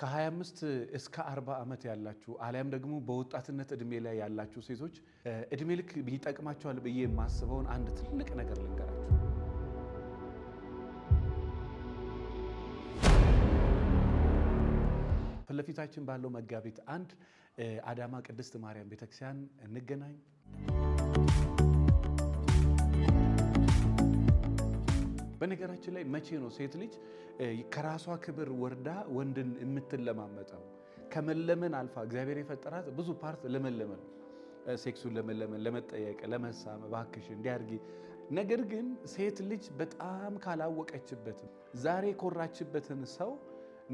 ከ25 እስከ 40 ዓመት ያላችሁ አሊያም ደግሞ በወጣትነት እድሜ ላይ ያላችሁ ሴቶች እድሜ ልክ ይጠቅማቸዋል ብዬ የማስበውን አንድ ትልቅ ነገር ልንገራችሁ። ፊት ባለው መጋቢት አንድ አዳማ ቅድስት ማርያም ቤተክርስቲያን እንገናኝ። በነገራችን ላይ መቼ ነው ሴት ልጅ ከራሷ ክብር ወርዳ ወንድን የምትለማመጠው? ከመለመን አልፋ እግዚአብሔር የፈጠራት ብዙ ፓርት ለመለመን፣ ሴክሱን ለመለመን፣ ለመጠየቅ፣ ለመሳም እባክሽ እንዲያርጊ። ነገር ግን ሴት ልጅ በጣም ካላወቀችበትም ዛሬ የኮራችበትን ሰው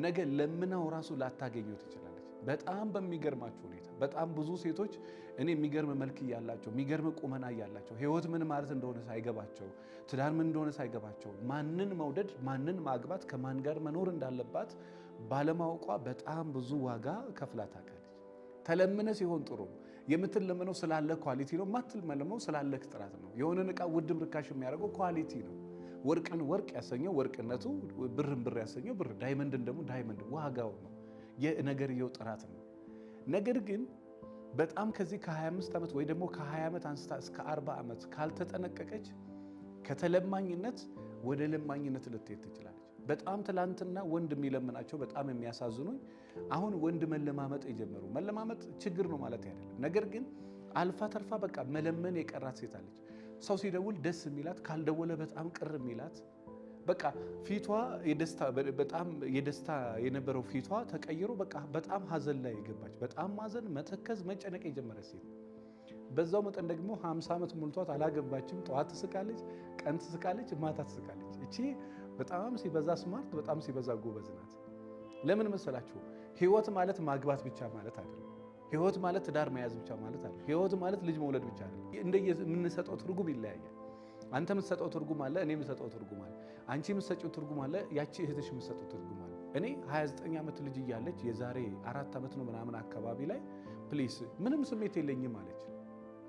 ነገ ለምናው ራሱ ላታገኘው ትችላል። በጣም በሚገርማችሁ ሁኔታ በጣም ብዙ ሴቶች እኔ የሚገርም መልክ እያላቸው የሚገርም ቁመና እያላቸው ህይወት ምን ማለት እንደሆነ ሳይገባቸው ትዳር ምን እንደሆነ ሳይገባቸው ማንን መውደድ ማንን ማግባት ከማን ጋር መኖር እንዳለባት ባለማወቋ በጣም ብዙ ዋጋ ከፍላ ታውቃለች። ተለምነ ሲሆን ጥሩ ነው። የምትለምነው ስላለ ኳሊቲ ነው። የማትለምነው ስላለ ጥራት ነው። የሆነን ዕቃ ውድም ርካሽ የሚያደርገው ኳሊቲ ነው። ወርቅን ወርቅ ያሰኘው ወርቅነቱ፣ ብርን ብር ያሰኘው ብር፣ ዳይመንድን ደግሞ ዳይመንድ ዋጋው ነው። የነገርየው ጥራት ነው። ነገር ግን በጣም ከዚህ ከ25 ዓመት ወይ ደግሞ ከ20 ዓመት አንስታ እስከ 40 ዓመት ካልተጠነቀቀች ከተለማኝነት ወደ ለማኝነት ልትሄድ ትችላለች። በጣም ትላንትና ወንድ የሚለምናቸው በጣም የሚያሳዝኑኝ አሁን ወንድ መለማመጥ የጀመሩ መለማመጥ ችግር ነው ማለት አይደለም። ነገር ግን አልፋ ተርፋ በቃ መለመን የቀራት ሴት አለች። ሰው ሲደውል ደስ የሚላት ካልደወለ በጣም ቅር የሚላት በቃ ፊቷ የደስታ በጣም የደስታ የነበረው ፊቷ ተቀይሮ በቃ በጣም ሀዘን ላይ የገባች በጣም ማዘን፣ መተከዝ፣ መጨነቅ የጀመረች ሴት በዛው መጠን ደግሞ 50 ዓመት ሞልቷት አላገባችም። ጠዋት ትስቃለች፣ ቀን ትስቃለች፣ ማታ ትስቃለች። እቺ በጣም ሲበዛ ስማርት፣ በጣም ሲበዛ ጎበዝ ናት። ለምን መሰላችሁ? ህይወት ማለት ማግባት ብቻ ማለት አይደለም። ህይወት ማለት ትዳር መያዝ ብቻ ማለት አይደለም። ህይወት ማለት ልጅ መውለድ ብቻ አይደለም። እንደየምንሰጠው ትርጉም ይለያያል። አንተ የምትሰጠው ትርጉም አለ፣ እኔ የምሰጠው ትርጉም አለ፣ አንቺ የምትሰጪው ትርጉም አለ፣ ያቺ እህትሽ የምትሰጠው ትርጉም አለ። እኔ 29 ዓመት ልጅ እያለች የዛሬ አራት ዓመት ነው ምናምን አካባቢ ላይ ፕሊስ ምንም ስሜት የለኝም አለች።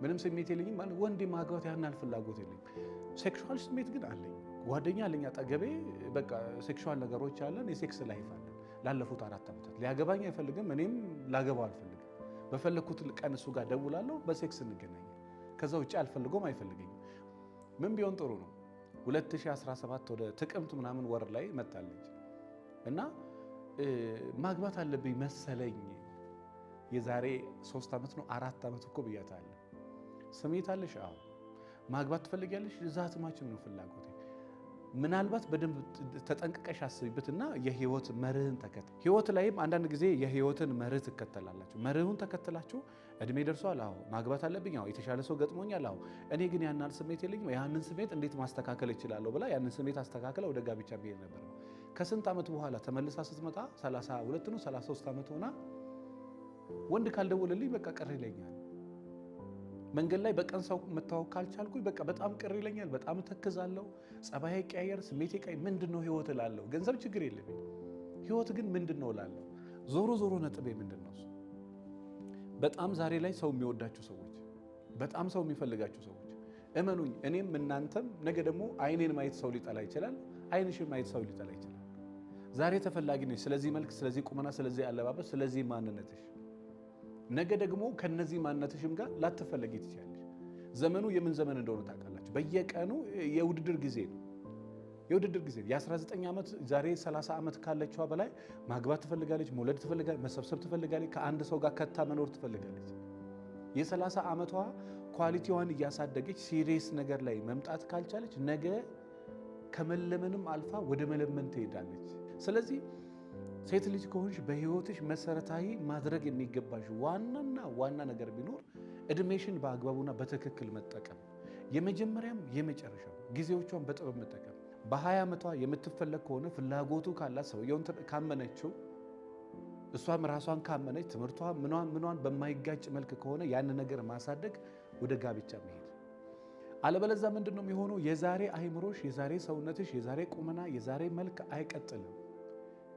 ምንም ስሜት የለኝም ማለት ወንድ ማግባት ያናል ፍላጎት የለኝም። ሴክሹዋል ስሜት ግን አለኝ። ጓደኛ አለኝ አጠገቤ። በቃ ሴክሹዋል ነገሮች አለን፣ የሴክስ ላይፍ አለን። ላለፉት አራት ዓመታት ሊያገባኝ አይፈልግም፣ እኔም ላገባው አልፈልግም። በፈለግኩት ቀን እሱ ጋር ደውላለሁ፣ በሴክስ እንገናኛል። ከዛ ውጭ አልፈልገውም፣ አይፈልገኝ ምን ቢሆን ጥሩ ነው። 2017 ወደ ጥቅምት ምናምን ወር ላይ መጣለች እና ማግባት አለብኝ መሰለኝ። የዛሬ ሶስት ዓመት ነው አራት ዓመት እኮ ብያታለሁ። ስሜት አለሽ? አዎ። ማግባት ትፈልጊያለሽ? ዛትማችን ነው ፍላጎት ምናልባት በደንብ ተጠንቅቀሽ አስቢበትና የህይወት መርህን ተከተል። ህይወት ላይም አንዳንድ ጊዜ የህይወትን መርህ ትከተላላችሁ። መርሁን ተከትላችሁ እድሜ ደርሷል፣ አዎ ማግባት አለብኝ፣ አዎ የተሻለ ሰው ገጥሞኛል፣ አዎ እኔ ግን ያናል ስሜት የለኝም፣ ያንን ስሜት እንዴት ማስተካከል እችላለሁ ብላ ያንን ስሜት አስተካከለ ወደ ጋብቻ ብሄድ ነበር። ከስንት ዓመት በኋላ ተመልሳ ስትመጣ 32 ነው 33 ዓመት ሆና ወንድ ካልደወለልኝ በቃ ቀር ይለኛል መንገድ ላይ በቀን ሰው መታወቅ ካልቻልኩኝ በቃ በጣም ቅር ይለኛል፣ በጣም እተክዛለሁ፣ ጸባይ ቀያየር፣ ስሜት ቀይ ምንድን ነው ህይወት እላለሁ። ገንዘብ ችግር የለም ህይወት ግን ምንድን ነው እላለሁ። ዞሮ ዞሮ ነጥቤ ምንድን ነው? በጣም ዛሬ ላይ ሰው የሚወዳቸው ሰዎች፣ በጣም ሰው የሚፈልጋቸው ሰዎች፣ እመኑኝ፣ እኔም እናንተም ነገ ደግሞ አይኔን ማየት ሰው ሊጠላ ይችላል፣ አይንሽን ማየት ሰው ሊጠላ ይችላል። ዛሬ ተፈላጊ ነች፣ ስለዚህ መልክ፣ ስለዚህ ቁመና፣ ስለዚህ አለባበስ፣ ስለዚህ ማንነትሽ ነገ ደግሞ ከነዚህ ማንነትሽም ጋር ላትፈለጊ ትችላለሽ። ዘመኑ የምን ዘመን እንደሆነ ታውቃላችሁ። በየቀኑ የውድድር ጊዜ ነው። የውድድር ጊዜ የ19 ዓመት ዛሬ 30 ዓመት ካለችዋ በላይ ማግባት ትፈልጋለች፣ መውለድ ትፈልጋለች፣ መሰብሰብ ትፈልጋለች፣ ከአንድ ሰው ጋር ከታ መኖር ትፈልጋለች። የ30 ዓመቷ ኳሊቲዋን እያሳደገች ሲሪየስ ነገር ላይ መምጣት ካልቻለች ነገ ከመለመንም አልፋ ወደ መለመን ትሄዳለች። ስለዚህ ሴት ልጅ ከሆንሽ በህይወትሽ መሰረታዊ ማድረግ የሚገባሽ ዋናና ዋና ነገር ቢኖር እድሜሽን በአግባቡና በትክክል መጠቀም፣ የመጀመሪያም የመጨረሻው ጊዜዎቿን በጥበብ መጠቀም። በ20 ዓመቷ የምትፈለግ ከሆነ ፍላጎቱ ካላት ሰውየውን ካመነችው እሷም ራሷን ካመነች ትምህርቷ ምኗን ምኗን በማይጋጭ መልክ ከሆነ ያን ነገር ማሳደግ ወደ ጋብቻ መሄድ። አለበለዛ ምንድን ነው የሚሆነው? የዛሬ አይምሮሽ፣ የዛሬ ሰውነትሽ፣ የዛሬ ቁመና፣ የዛሬ መልክ አይቀጥልም።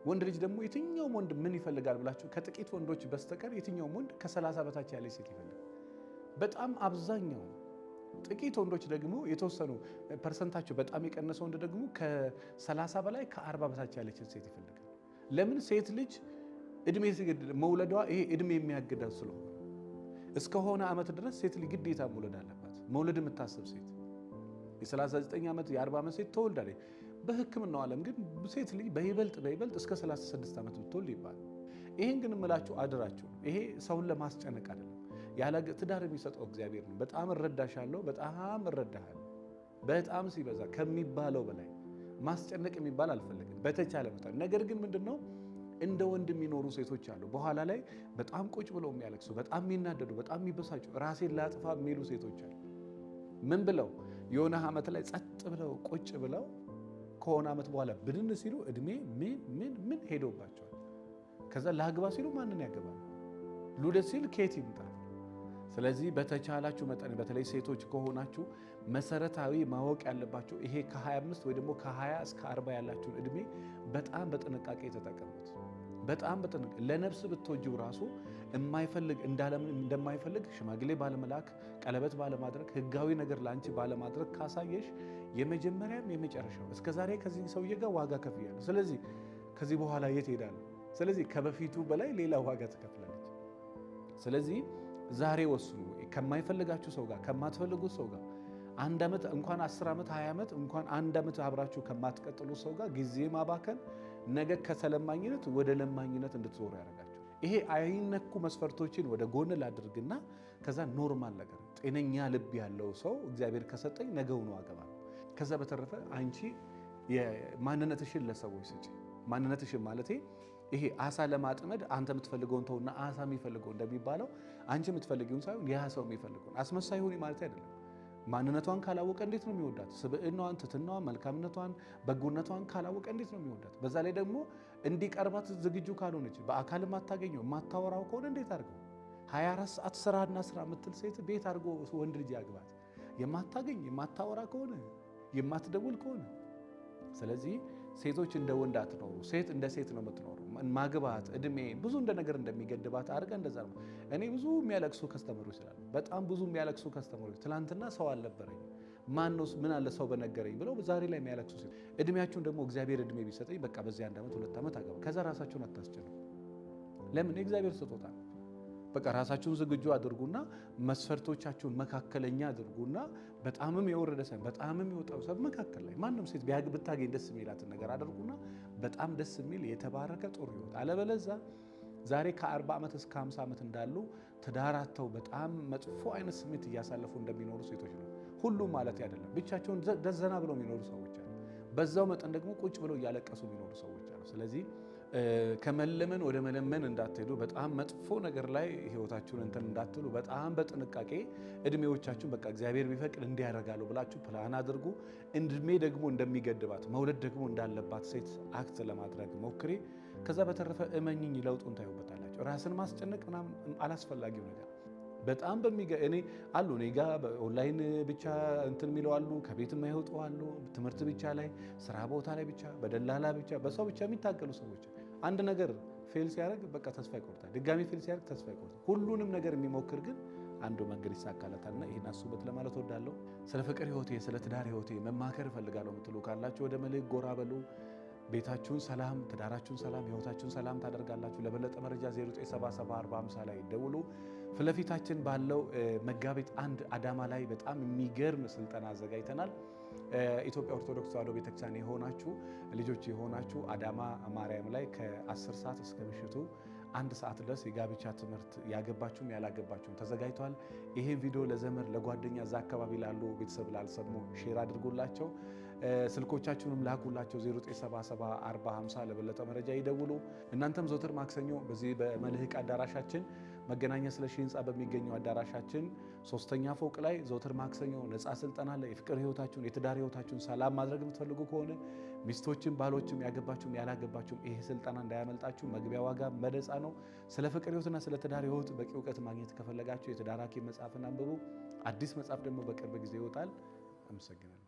ወንድ ልጅ ደግሞ የትኛውም ወንድ ምን ይፈልጋል ብላችሁ ከጥቂት ወንዶች በስተቀር የትኛውም ወንድ ከሰላሳ በታች ያለች ሴት ይፈልጋል። በጣም አብዛኛው ጥቂት ወንዶች ደግሞ የተወሰኑ ፐርሰንታቸው በጣም የቀነሰ ወንድ ደግሞ ከሰላሳ በላይ ከአርባ በታች ያለችን ሴት ይፈልጋል። ለምን? ሴት ልጅ እድሜ መውለዷ ይሄ እድሜ የሚያግዳ ስለሆነ እስከሆነ ዓመት ድረስ ሴት ልጅ ግዴታ መውለድ አለባት። መውለድ የምታስብ ሴት የ39 ዓመት የ40 ዓመት ሴት ተወልዳለች። በህክምናው ዓለም ግን ሴት ልጅ በይበልጥ በይበልጥ እስከ 36 ዓመት ብትወልድ ይባል ይሄን ግን እምላችሁ አድራችሁ ይሄ ሰውን ለማስጨነቅ አይደለም። ያለ ትዳር የሚሰጠው እግዚአብሔር ነው። በጣም እረዳሻለሁ፣ በጣም እረዳሃል። በጣም ሲበዛ ከሚባለው በላይ ማስጨነቅ የሚባል አልፈለግም በተቻለ መጠን። ነገር ግን ምንድን ነው እንደ ወንድ የሚኖሩ ሴቶች አሉ። በኋላ ላይ በጣም ቁጭ ብለው የሚያለቅሱ፣ በጣም የሚናደዱ፣ በጣም የሚበሳጩ፣ ራሴን ላጥፋ የሚሉ ሴቶች አሉ። ምን ብለው የሆነ ዓመት ላይ ጸጥ ብለው ቁጭ ብለው ከሆነ ዓመት በኋላ ብድን ሲሉ እድሜ ምን ምን ምን ሄዶባቸዋል። ከዛ ለአግባ ሲሉ ማንን ያገባል? ልውለድ ሲል ኬት ይምጣል። ስለዚህ በተቻላችሁ መጠን በተለይ ሴቶች ከሆናችሁ መሰረታዊ ማወቅ ያለባችሁ ይሄ ከ25 ወይ ደግሞ ከ20 እስከ 40 ያላችሁን እድሜ በጣም በጥንቃቄ የተጠቀሙት። በጣም በጥንቅ ለነፍስ ብትወጂው ራሱ የማይፈልግ እንደማይፈልግ ሽማግሌ ባለመላክ ቀለበት ባለማድረግ ህጋዊ ነገር ለአንቺ ባለማድረግ ካሳየሽ የመጀመሪያም የመጨረሻው እስከ ዛሬ ከዚህ ሰውዬ ጋር ዋጋ ከፍያለሁ። ስለዚህ ከዚህ በኋላ የት ሄዳለሁ? ስለዚህ ከበፊቱ በላይ ሌላ ዋጋ ትከፍላለች። ስለዚህ ዛሬ ወስኑ። ከማይፈልጋችሁ ሰው ጋር ከማትፈልጉት ሰው ጋር አንድ ዓመት እንኳን አስር ዓመት ሀያ ዓመት እንኳን አንድ ዓመት አብራችሁ ከማትቀጥሉ ሰው ጋር ጊዜ ማባከን ነገ ከሰለማኝነት ወደ ለማኝነት እንድትዞሩ ያደርጋቸው። ይሄ አይነኩ መስፈርቶችን ወደ ጎን ላድርግና ከዛ ኖርማል ነገር ጤነኛ ልብ ያለው ሰው እግዚአብሔር ከሰጠኝ ነገውኑ አገባ። ከዛ በተረፈ አንቺ ማንነትሽን ለሰዎች ስጪ። ማንነትሽን ማለት ይሄ አሳ ለማጥመድ አንተ የምትፈልገውን ተውና አሳ የሚፈልገው እንደሚባለው አንቺ የምትፈልጊውን ሳይሆን ያ ሰው የሚፈልገውን አስመሳይ ሁኚ ማለት አይደለም። ማንነቷን ካላወቀ እንዴት ነው የሚወዳት? ስብዕናዋን፣ ትትናዋን፣ መልካምነቷን፣ በጎነቷን ካላወቀ እንዴት ነው የሚወዳት? በዛ ላይ ደግሞ እንዲቀርባት ዝግጁ ካልሆነች በአካል የማታገኘው የማታወራው ከሆነ እንዴት አድርገው 24 ሰዓት ስራና ስራ የምትል ሴት ቤት አድርጎ ወንድ ልጅ ያግባት? የማታገኝ የማታወራ ከሆነ የማትደውል ከሆነ ስለዚህ ሴቶች እንደ ወንድ አትኖሩ፣ ሴት እንደ ሴት ነው የምትኖሩ። ማግባት እድሜ ብዙ እንደ ነገር እንደሚገድባት አድርገ እንደዛ ነው። እኔ ብዙ የሚያለቅሱ ከስተመሮች ስላሉ በጣም ብዙ የሚያለቅሱ ከስተመሮች ትላንትና ሰው አልነበረኝ ማን ነው ምን አለ ሰው በነገረኝ ብለው ዛሬ ላይ የሚያለቅሱ ሲሆን እድሜያቸውን ደግሞ እግዚአብሔር እድሜ ቢሰጠኝ በቃ በዚህ አንድ ዓመት ሁለት ዓመት አገባ ከዛ ራሳቸውን አታስችሉ። ለምን የእግዚአብሔር ስጦታ በቃ ራሳችሁን ዝግጁ አድርጉና መስፈርቶቻችሁን መካከለኛ አድርጉና በጣምም የወረደ ሳይሆን በጣምም የወጣው ሰብ መካከል ላይ ማንም ሴት ብታገኝ ደስ የሚላትን ነገር አድርጉና በጣም ደስ የሚል የተባረከ ጥሩ ህይወት። አለበለዛ ዛሬ ከ40 ዓመት እስከ 50 ዓመት እንዳሉ ተዳራተው በጣም መጥፎ አይነት ስሜት እያሳለፉ እንደሚኖሩ ሴቶች ነው። ሁሉም ማለት አይደለም፣ ብቻቸውን ደዘና ብለው የሚኖሩ ሰዎች አሉ። በዛው መጠን ደግሞ ቁጭ ብለው እያለቀሱ የሚኖሩ ሰዎች አሉ። ስለዚህ ከመለመን ወደ መለመን እንዳትሄዱ፣ በጣም መጥፎ ነገር ላይ ህይወታችሁን እንትን እንዳትሉ፣ በጣም በጥንቃቄ እድሜዎቻችሁን በቃ እግዚአብሔር ቢፈቅድ እንዲያደርጋለሁ ብላችሁ ፕላን አድርጉ። እድሜ ደግሞ እንደሚገድባት መውለድ ደግሞ እንዳለባት ሴት አክት ለማድረግ ሞክሬ። ከዛ በተረፈ እመኝኝ ለውጡን ታዩበታላችሁ። ራስን ማስጨነቅ ምናምን አላስፈላጊው ነገር በጣም በሚገ እኔ አሉ እኔ ጋ ኦንላይን ብቻ እንትን የሚለው አሉ፣ ከቤት የማይወጡ አሉ፣ ትምህርት ብቻ ላይ፣ ስራ ቦታ ላይ ብቻ፣ በደላላ ብቻ፣ በሰው ብቻ የሚታገሉ ሰዎች አንድ ነገር ፌል ሲያደርግ በቃ ተስፋ ይቆርጣል። ድጋሚ ፌል ሲያደርግ ተስፋ ይቆርጣል። ሁሉንም ነገር የሚሞክር ግን አንዱ መንገድ ይሳካለታልና ይህን አስቡበት ለማለት እወዳለሁ። ስለ ፍቅር ህይወቴ፣ ስለ ትዳር ህይወቴ መማከር እፈልጋለሁ የምትሉ ካላችሁ ወደ መልሕቅ ጎራ በሉ። ቤታችሁን ሰላም፣ ትዳራችሁን ሰላም፣ ህይወታችሁን ሰላም ታደርጋላችሁ። ለበለጠ መረጃ 0977450 ላይ ደውሉ። ፍለፊታችን ባለው መጋቢት አንድ አዳማ ላይ በጣም የሚገርም ስልጠና አዘጋጅተናል። ኢትዮጵያ ኦርቶዶክስ ተዋሕዶ ቤተክርስቲያን የሆናችሁ ልጆች የሆናችሁ አዳማ ማርያም ላይ ከ10 ሰዓት እስከ ምሽቱ አንድ ሰዓት ድረስ የጋብቻ ትምህርት ያገባችሁም ያላገባችሁም ተዘጋጅተዋል። ይሄን ቪዲዮ ለዘመድ ለጓደኛ፣ እዛ አካባቢ ላሉ ቤተሰብ ላልሰሙ ሼር አድርጉላቸው። ስልኮቻችሁንም ላኩላቸው 09774050 ለበለጠ መረጃ ይደውሉ። እናንተም ዘውትር ማክሰኞ በዚህ በመልህቅ አዳራሻችን መገናኛ ስለ ሺህ ህንፃ በሚገኘው አዳራሻችን ሶስተኛ ፎቅ ላይ ዘውትር ማክሰኞ ነፃ ስልጠና አለ። የፍቅር ህይወታችሁን የትዳር ህይወታችሁን ሰላም ማድረግ የምትፈልጉ ከሆነ ሚስቶችም፣ ባሎችም፣ ያገባችሁም ያላገባችሁም ይሄ ስልጠና እንዳያመልጣችሁ። መግቢያ ዋጋ በነፃ ነው። ስለ ፍቅር ህይወትና ስለ ትዳር ህይወት በቂ እውቀት ማግኘት ከፈለጋችሁ የትዳር ሐኪም መጽሐፍን አንብቡ። አዲስ መጽሐፍ ደግሞ በቅርብ ጊዜ ይወጣል። አመሰግናለሁ።